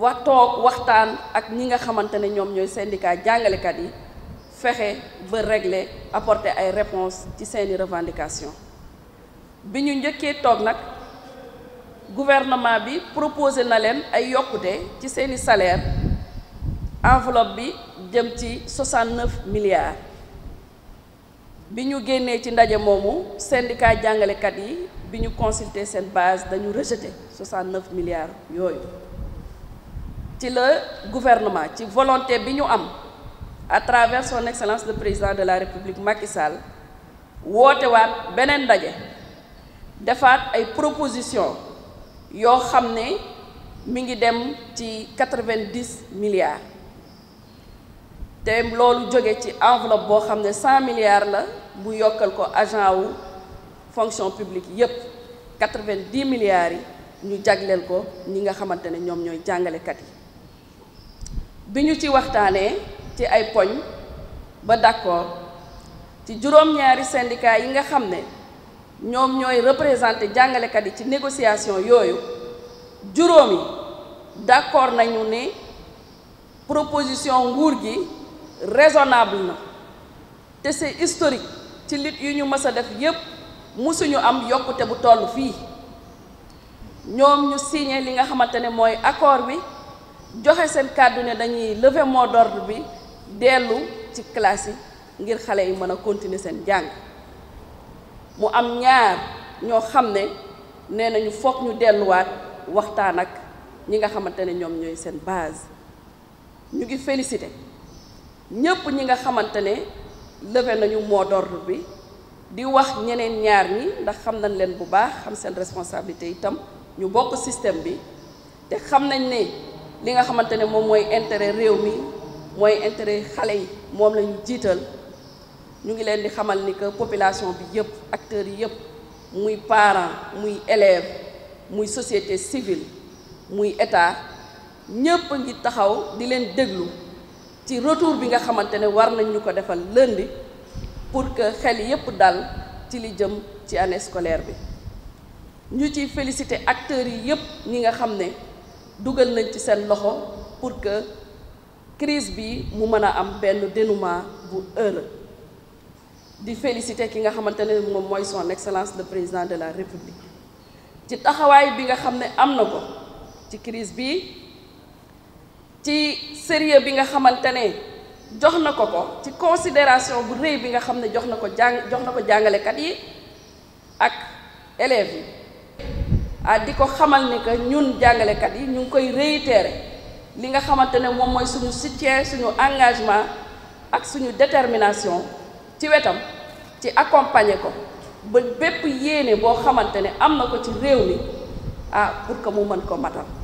wax toog waxtaan ak ñi nga xamante ne ñoom ñooy syndicat jàngalekat yi fexe ba régler apporter ay réponses ci seeni revendications bi ñu njëkkee toog nag gouvernement bi proposé na leen ay yokkute ci seeni salaire enveloppe bi jëm ci 69 milliards bi ñu génnee ci ndaje moomu syndicat jàngalekat yi bi ñu consulter seen base dañu rejeté 69 milliards yooyu ci le gouvernement la volonté bi nous à travers son excellence le président de la république Macky Sall woote waat beneen une defaat ay proposition yoo xam ne mi ngi dem ci 90 milliards te loolu jóge ci enveloppe boo 100 milliards la mu yokkal ko agent fonction publique yépp 90 milliards yi ñu jagleel ko ñi nga bi ñu ci waxtaanee ci ay poñ ba d'accord ci juróom-ñaari syndicat yi nga xam ne ñoom ñooy représenté jàngalekat yi ci négociation yooyu juróomi d'accord nañu ne proposition nguur gi raisonnable na te c'est historique ci lit yu ñu mës a def yépp musuñu am yokkute bu toll fii ñoom ñu signé li nga xamante ne mooy accord bi joxe seen kàddu ne dañuy lever moo d'ordre bi dellu ci classe yi ngir xale yi mën a continuer seen jàng mu am ñaar ñoo xam ne nee nañu foog ñu delluwaat waxtaan ak ñi nga xamante ne ñoom ñooy seen base ñu ngi félicité ñépp ñi nga xamante ne levé nañu mot d'ordre bi di wax ñeneen ñaar ñi ndax xam nañ leen bu baax xam seen responsabilité itam ñu bokk système bi te xam nañ ne li nga xamante ne moom mooy intérêt réew mi mooy intérêt xale yi moom la jiital ñu ngi leen di xamal ni que population bi yëpp acteurs yi yëpp muy parent muy élèves muy société civile muy état ñëpp a ngi taxaw di leen déglu ci retour bi nga xamante ne war nañ ñu ko defal lundi pour que xel yëpp dal ci li jëm ci année scolaire bi ñu ci félicité acteurs yi yëpp ñi nga xam ne. dugal nañ ci seen loxo pour que crise bi mu mën a am benn dénouement bu heureux di félicité ki nga xamante ne moom mooy son excellence le président de la république ci taxawaay bi nga xam ne am na ko ci crise bi ci sérieux bi nga xamante ne jox na ko ko ci considération bu rëy bi nga xam ne jox na ko jàng jox na ko jàngalekat yi ak élèves yi ah, diko xamal ni que ñun kat yi ñu ngi koy réitéré li nga xamante ne moom mooy suñu soutien suñu engagement ak suñu détermination ci wetam ci accompagner ko ba bépp yéene boo xamante ne am na ko ci réew mi ah pour que mu mën ko matal.